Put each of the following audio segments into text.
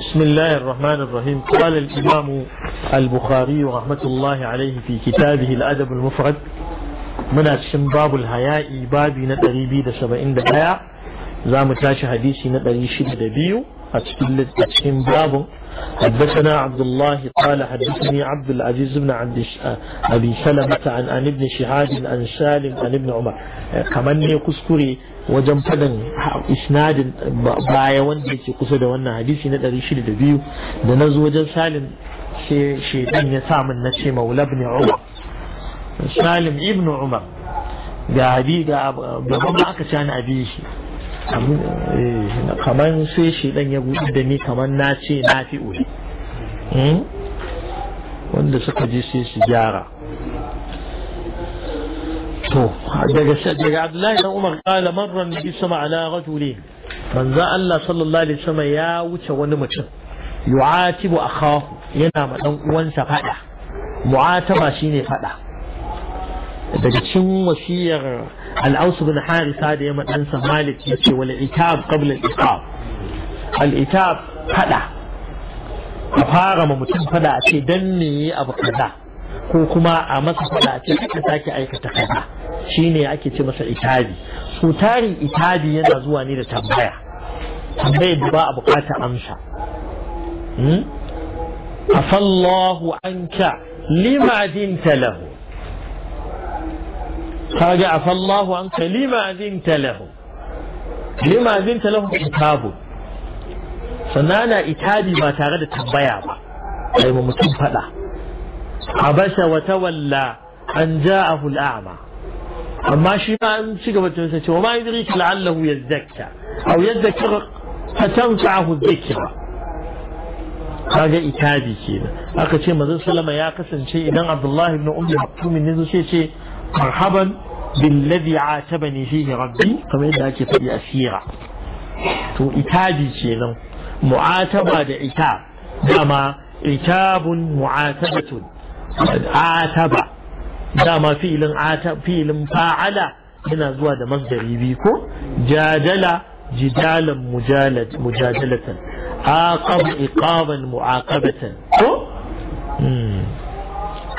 بسم الله الرحمن الرحيم قال الإمام البخاري رحمة الله عليه في كتابه الأدب المفرد من أشم باب الهياء بابي نتريبي بيد سبعين دقايا زام حديثي نتريشي دبيو أتشكين cikin حدثنا عبد الله قال حدثني عبد العزيز بن عبد أبي سلمة عن عن ابن شهاد عن سالم عن ابن عمر كمان يكسكري wajen faɗin isnadin baya wanda ke kusa da wannan hadisi na 602 da na zo wajen salim sai ya sa min na ce maula ibn umar salim ibn umar ga abi aka shi Eh, kamar sai shi dan ya gudu da ni kamar na ce na fi uli hmm? wanda suka je sai su gyara to daga daga Abdullahi dan Umar kala marra nabi sama ala rajuli manzo Allah sallallahu alaihi wasallam ya wuce wani mutum yu'atibu akahu yana ma dan uwansa fada mu'ataba shine fada daga cikin wasiyar al'ausu bin harisa da ya madansa malik ya ce Wani itab qabla al iqab al itab fada a fara ma mutum fada a ce dan me abu kaza ko kuma a masa fada a ce ka sake aikata kaza shine ake ce masa itabi su tarin itabi yana zuwa ne da tambaya tambayar da ba a bukata amsa hmm? afallahu anka lima dinta lahu kaga afallahu an kalima azinta lahu lima azinta lahu kitabu sannan ana itabi ba tare da tambaya ba sai mu mutum fada habasha wa tawalla an ja'ahu al'ama amma shi ma an ci gaba da cewa ma yudrika la'allahu yazzakka aw yazzakka fatanfa'ahu dhikra kaga itabi kenan aka ce manzon sallama ya kasance idan abdullahi ibn ummi maktum ne zo ce marhaban بالذي عاتبني فيه ربي كما يدعى كفر يأسيرا تو إتابي كينا معاتبة إتاب دما إتاب معاتبة عاتبة دما فعل عاتب فعل فاعل هنا زوا ده مصدر يبيكو جادل جدالا مجالد مجادلة عاقب إقابا معاقبة تو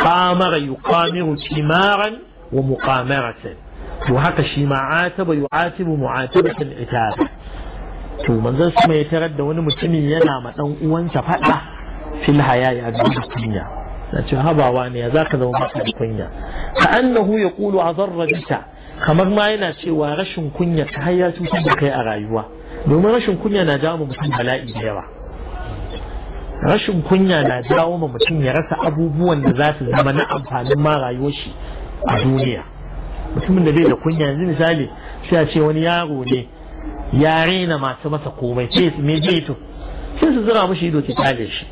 قام يقامر تمارا wa muqamaratan to haka shi ma ataba yu'atibu mu'atabatan itaba to manzon sama ya tarar da wani mutumin yana ma dan uwansa fada fil hayayi a gaban kunya na ce habawa ne ya zaka zama maka da kunya ka annahu yaqulu azarra bika kamar ma yana cewa rashin kunya ta har ya cutar da kai a rayuwa domin rashin kunya na jawo mutum bala'i da yawa rashin kunya na jawo ma mutum ya rasa abubuwan da za su zama na amfanin ma rayuwar shi a duniya mutumin da bai da kunya yanzu misali sai a ce wani yaro ne ya raina masu masa komai ce su mai jeto sai su zura mashi ido su kyale shi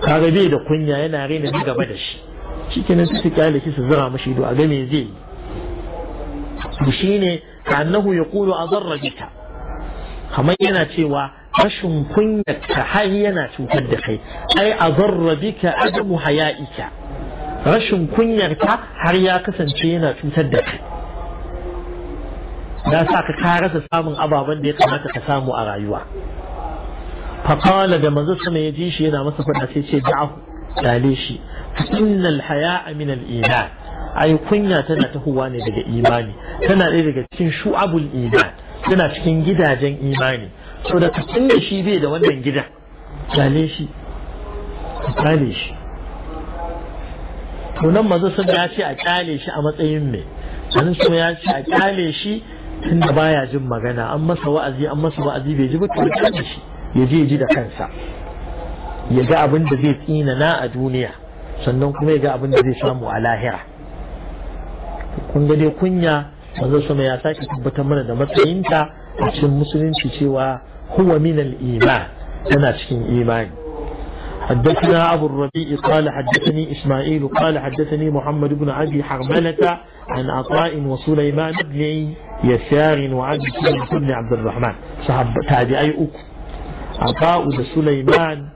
kaga bai da kunya yana raina na gaba da shi shikenan su kyale shi su zura mashi ido a ga me zai yi ne? Ka annahu ya a zarra bika kamar yana cewa rashin kunya ta hanyar yana cutar da kai ai a zarra bika adamu haya'ika rashin kunyarka har ya kasance yana cutar da kai da sa ka ka rasa samun ababen da ya kamata ka samu a rayuwa faƙala da manzo sama ya ji shi yana masa faɗa sai ce da'ahu dale shi innal haya'a min al-iman ai kunya tana tahowa ne daga imani tana ɗaya daga cikin shu'abul iman tana cikin gidajen imani so da tun shi bai da wannan gidan dale shi dale shi to nan mazo sun ya ce a kyale shi a matsayin mai sanin su ya ce a kyale shi tunda baya jin magana an masa wa'azi an masa wa'azi bai ji ba to ya shi ya je ji da kansa ya ga abin da zai tsina na a duniya sannan kuma ya ga abin da zai samu a lahira kun ga dai kunya manzo sama ya sake tabbatar mana da matsayinta a cikin musulunci cewa huwa minal iman tana cikin imani حدثنا أبو الربيع قال حدثني إسماعيل قال حدثني محمد بن أبي حرملة عن عطاء وسليمان بن يسار وعبد سليمان بن عبد الرحمن صحاب تابعي أكو عطاء وسليمان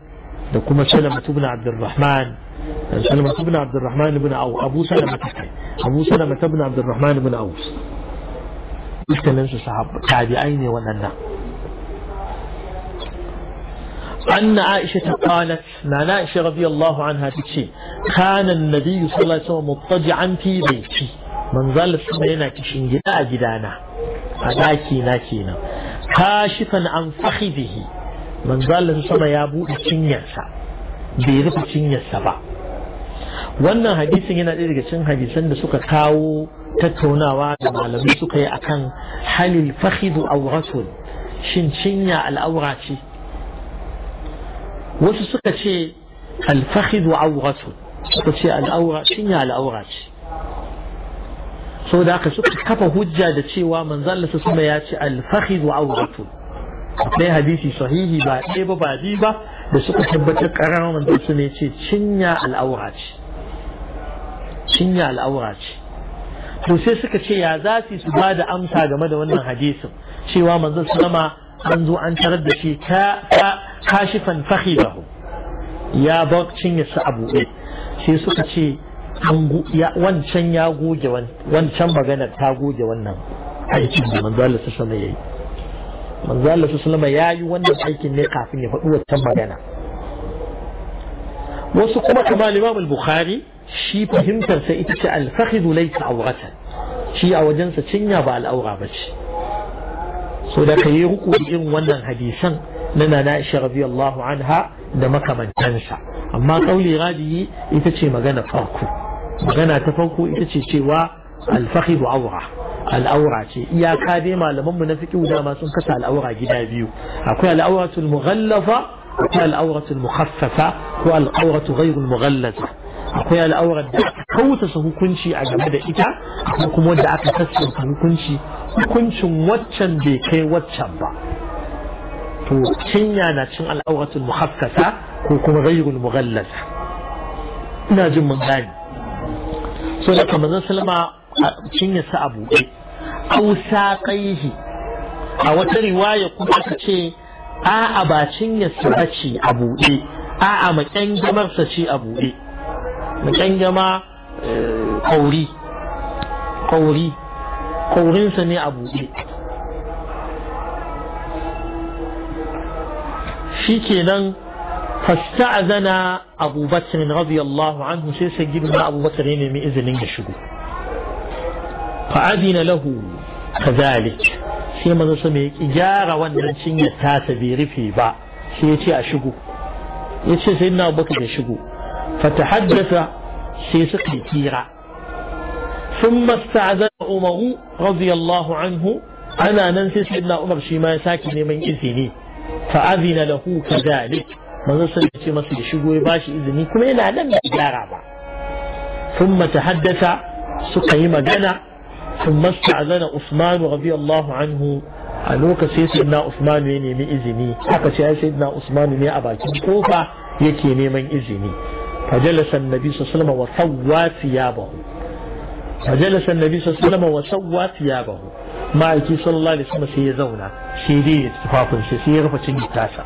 لكم سلمة بن عبد الرحمن سلمة بن عبد الرحمن بن أو أبو سلمة أبو سلمة بن عبد الرحمن بن أوس dukkaninsu sahabbai tabi'ai ne أن عائشة قالت نانا عائشة رضي الله عنها تشي كان النبي صلى الله عليه وسلم مضطجعا في بيتي من ظل سمينا كشين جدا جدانا أداكي ناكينا كاشفا عن فخذه من ظل سمينا يابو تشينيسا بيرف تشينيسا با wannan hadisin yana ɗaya daga cikin hadisan da suka kawo tattaunawa da malamai suka yi akan halil fakhidu aw rasul shin cinya al'aura ce wasu suka ce alfahid wa auratu suka ce al'aura cinya al'aura ce sau da aka suka kafa hujja da cewa manzan su suna ya ce wa auratu akwai hadisi sahihi ba ɗaya ba ba bi ba da suka tabbatar ƙarar manzan su ne ce cinya al'aura ce cinya al'aura ce to sai suka ce ya za su ba da amsa game da wannan hadisin cewa manzon sallama an zo an tarar da shi ka kashifan fakhidahu ya bar cinyarsa a buɗe sai suka ce wancan ya goge wancan maganar ta goge wannan aikin da manzo Allah sallallahu alaihi manzo Allah sallallahu alaihi ya yi wannan aikin ne kafin ya faɗi wancan magana wasu kuma kamar Imam al-Bukhari shi fahimtar sa ita ce al-fakhidu laysa awratan shi a wajensa cinya ba al'aura ba ce so da ka yi ruku irin wannan hadisan na Aisha radiyallahu anha da makamantansa amma kauli radiyi ita ce magana farko magana ta farko ita ce cewa alfahidu aura al'aura ce iyaka dai malamanmu na fiƙi dama sun kasa al'aura gida biyu akwai al'auratul mughallafa akwai al'auratul mukhaffafa ko al'auratu ghayrul mughallafa akwai al'aurar da aka kautasa hukunci a game da ita ko kuma wanda aka sassauta hukunci hukuncin waccan bai kai waccan ba to cinya na cin al'auratul muhakkata ko kuma ghayrul mughallaza ina jin mun gani so da kamar zan salma cinya sa abu au kaihi a wata riwaya kuma aka ce a'a ba cinya sa a buɗe a'a maƙyangamar sa ce a buɗe maƙyangama eh, kauri kauri kaurinsa ne a buɗe shi shikenan fasta'zana Abu Bakr radiyallahu anhu sai sai gidan Abu Bakr ne mai izinin ya shigo fa adina lahu kazalik sai manzo sama ya gyara wannan cinyar tasa bi rufe ba sai ya ce a shigo ya ce sayyidina Abu Bakr ya shigo fa tahaddatha sai suka yi kira ثم استعذن عمر رضي الله عنه أنا ننسى سيدنا عمر شيما ساكن من إذنه فأذن له كذلك ما نسأل شيء مثل شو باش إذن يكون هنا لم يجرب ثم تحدث سقيم جنا ثم استعذن أثمان رضي الله عنه أنوك سيدنا عثمان يني من إذني حقا سيدنا أثمان يني أبا كوفا يكيني من إذني فجلس النبي صلى الله عليه وسلم وثوى ثيابه فجلس النبي صلى الله عليه وسلم وثوى ثيابه ma'aiki sallallahu alaihi wasallam sai ya zauna sai dai ya tufafin shi sai ya rufe cinyar tasa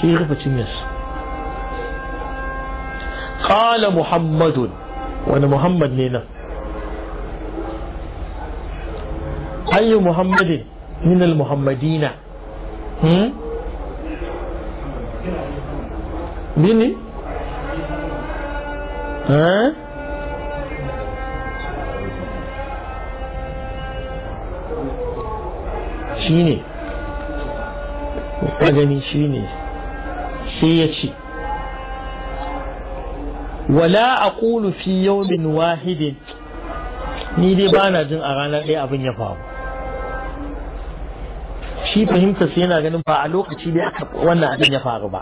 sai ya rufe cinyar qala muhammadun wani muhammad ne nan ayyu muhammadin min al-muhammadina hmm mini ha shi ne gani shi ne sai ya ce wala a fi yawmin wahidin ni dai ba na jin a ranar ɗaya abin ya faru shi fahimta sai yana ganin ba a lokaci dai aka wannan abin ya faru ba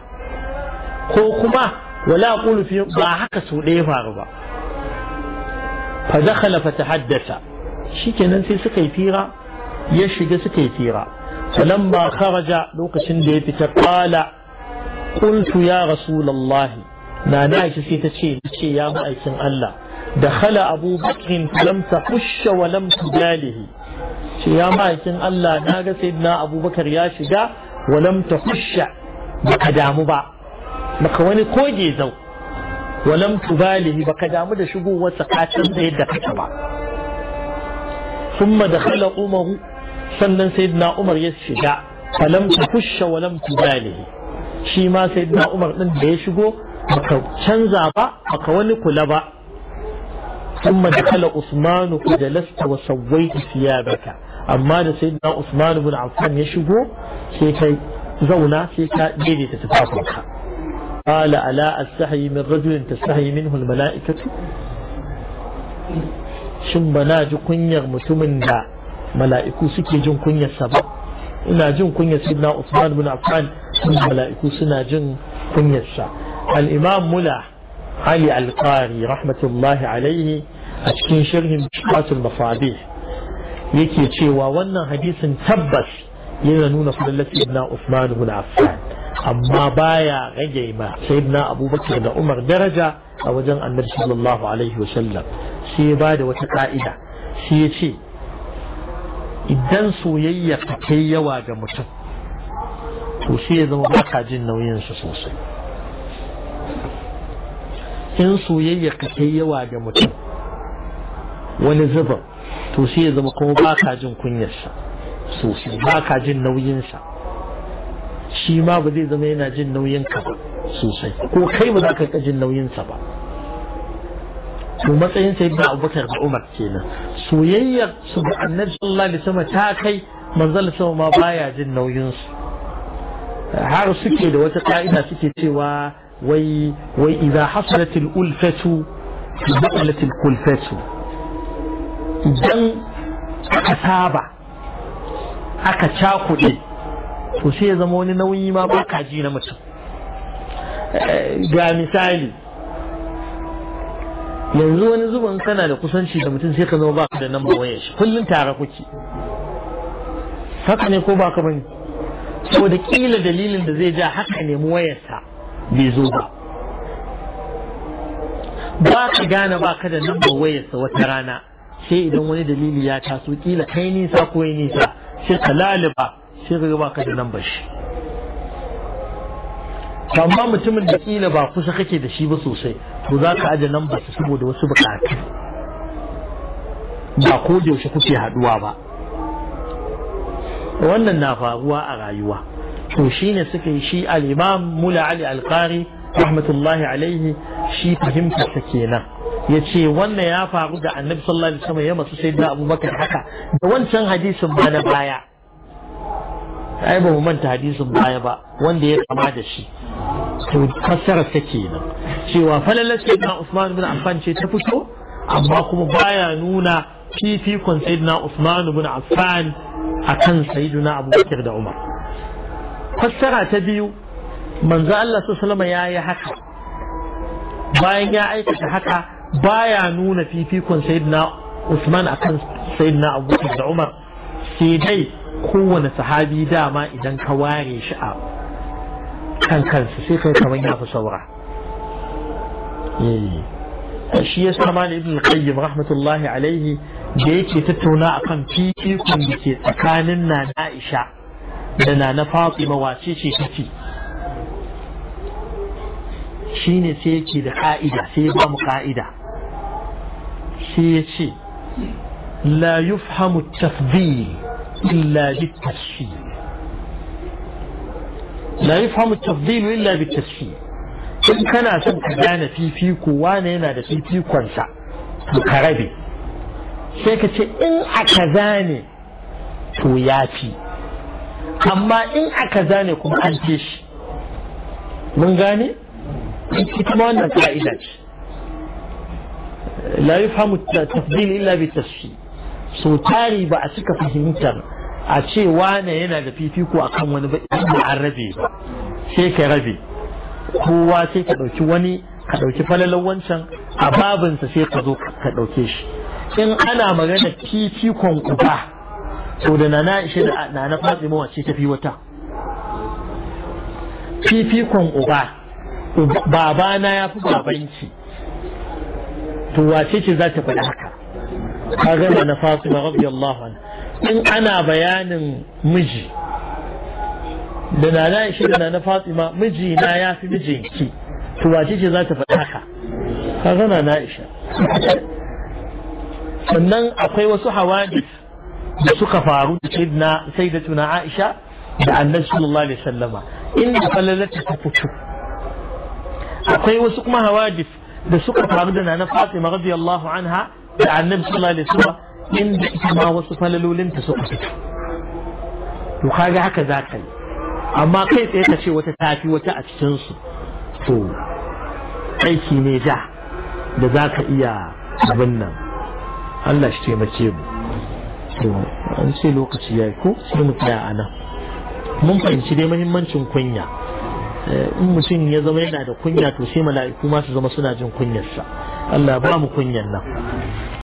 ko kuma wala a fi ba haka su ɗaya faru ba fa dakhala fa tahaddatha shikenan sai suka yi fira ya shiga suka yi tsira kharaja lokacin da ya fita qala qultu ya rasulullah na na shi sai ta ce ce ya ma'aikin Allah dakhala Abu Bakr lam wa lam ce ya ma'aikin Allah na ga sayyidina ya shiga wa lam damu ba baka wani koge zau wa lam tubalihi baka damu da shigowar sakacin da yadda kake ba ثم دخل عمر sannan sayyidina umar ya shiga falam tufusha walam tubalihi shi ma sayyidina umar din da ya shigo baka canza ba baka wani kula ba ثم دخل عثمان فجلست وسويت ثيابك amma da sai na Usman ibn Affan ya shigo sai kai zauna sai ka daidaita tufafinka qala ala astahi min rajulin tastahi minhu al mala'ikatu shin bana ji kunyar mutumin da mala'iku suke jin kunyarsa ba ina jin kunyar sidna Usman bin Affan sun mala'iku suna jin kunyarsa al-imam mula Ali al-Qari rahmatullahi alaihi a cikin sharhin Bishkatul Mafadih yake cewa wannan hadisin tabbas yana nuna fadlar sidna Usman bin Affan amma baya rage ma sayyidina Abubakar da Umar daraja a wajen Annabi sallallahu alaihi sallam sai ba da wata ka'ida sai ya ce idan soyayya ka kai yawa ga mutum to sai ya zama baka jin nauyin sosai in soyayya ka kai yawa ga mutum wani zuba to sai ya zama kuma baka jin kunyarsa sosai baka jin nauyinsa shi ma ba zai zama yana jin nauyin ka ba sosai ko kai ba za ka jin nauyinsa ba ومثلا سيدنا أبو بكر عمر كينا سويا سبحان النبي صلى الله عليه وسلم تاكي من ظل سوى ما بايا جنة وينص هذا سكي لو تقائنا سكي سوى وي وي إذا حصلت الألفة بطلت الكلفة إذن أكثابة أكثابة دي وسيزموني نوي ما بكاجينا مثل قال آه، مثالي yanzu wani zuban kana da kusanci da mutum sai ka zama baka da ba wayar shi kullum tare kuke haka ne ko baka bane saboda kila dalilin da zai ja haka ne wayar wayarsa bai zo ba ba ka gane baka da nan namba wayarsa wata rana sai idan wani dalili ya taso kila kai nisa ko nisa sai ka laliba sai ka ga baka da nan ba shi amma mutumin da kila ba kusa kake da shi ba sosai to za ka aje nan ba saboda wasu bukatu ba ko yaushe kuke haduwa ba wannan na faruwa a rayuwa to shine suka yi shi al-imam mula ali al-qari rahmatullahi alaihi shi fahimta ta kenan ya ce wannan ya faru da annabi sallallahu alaihi wasallam ya masu sai da abubakar haka da wancan hadisin ba na baya ai ba mu manta hadisin baya ba wanda ya kama da shi to fassara ta kenan cewa falalar sayyidina Usman bin Affan ce ta fito amma kuma baya nuna fifikon sayyidina Usman bin Affan akan sayyidina Abubakar da Umar fassara ta biyu manzo Allah sallallahu alaihi ya yi haka bayan ya aikata haka baya nuna fifikon sayyidina Usman akan sayyidina Abubakar da Umar sai dai kowane sahabi dama idan ka ware shi a kan kansa sai kai kamar ya fi saura shi ya sama da ibn qayyim rahmatullahi alaihi da yake tattauna akan fifikon da ke tsakanin na Aisha da na na Fatima wace ce kafi shine sai yake da ka'ida sai ya ba mu ka'ida sai ya ce la yufhamu tafdil illa bi tashfir la yafhamu tafdil illa bitasfi in kana son ka gane fifiko wane yana da fifikonsa to ka rabe sai ka ce in a kaza ne to ya fi amma in a kaza ne kuma an ce shi mun gane ita ma wannan ka'ida ce la yafhamu tafdil illa bitasfi ba a cika fahimtar a ce wane yana da fifiko a kan wani ba inda an rabe ba sai ka rabe kowa sai ka ɗauki wani ka ɗauki falalar wancan a babinsa sai ka zo ka ɗauke shi in ana magana fifikon uba to da na ishe da na na fatima wace ta fi wata fifikon uba babana ya fi babanci. to wace ce za ta faɗi haka gama na fatima radiyallahu anha in ana bayanin miji da na na shi da na na fatima miji na ya fi mijinki to wace ce za ta faɗa haka ka zana na isha sannan akwai wasu hawadis da suka faru da da tuna aisha da annabi sallallahu alaihi sallama inda falalata ta fito akwai wasu kuma hawadis da suka faru da na fatima radiyallahu anha da annabi sallallahu alaihi sallama inda ita ma wasu falalolinta suka fito to kaga haka za ka yi amma kai tsaye ka ce wata tafi wata a cikinsu to aiki ne ja da za ka iya abin nan Allah shi taimake mu to an ce lokaci ya yi ko sai mu tsaya a nan mun fahimci dai mahimmancin kunya eh, in mutum ya zama yana da kunya to sai mala'iku ma su zama suna jin kunyarsa Allah ba mu kunyan nan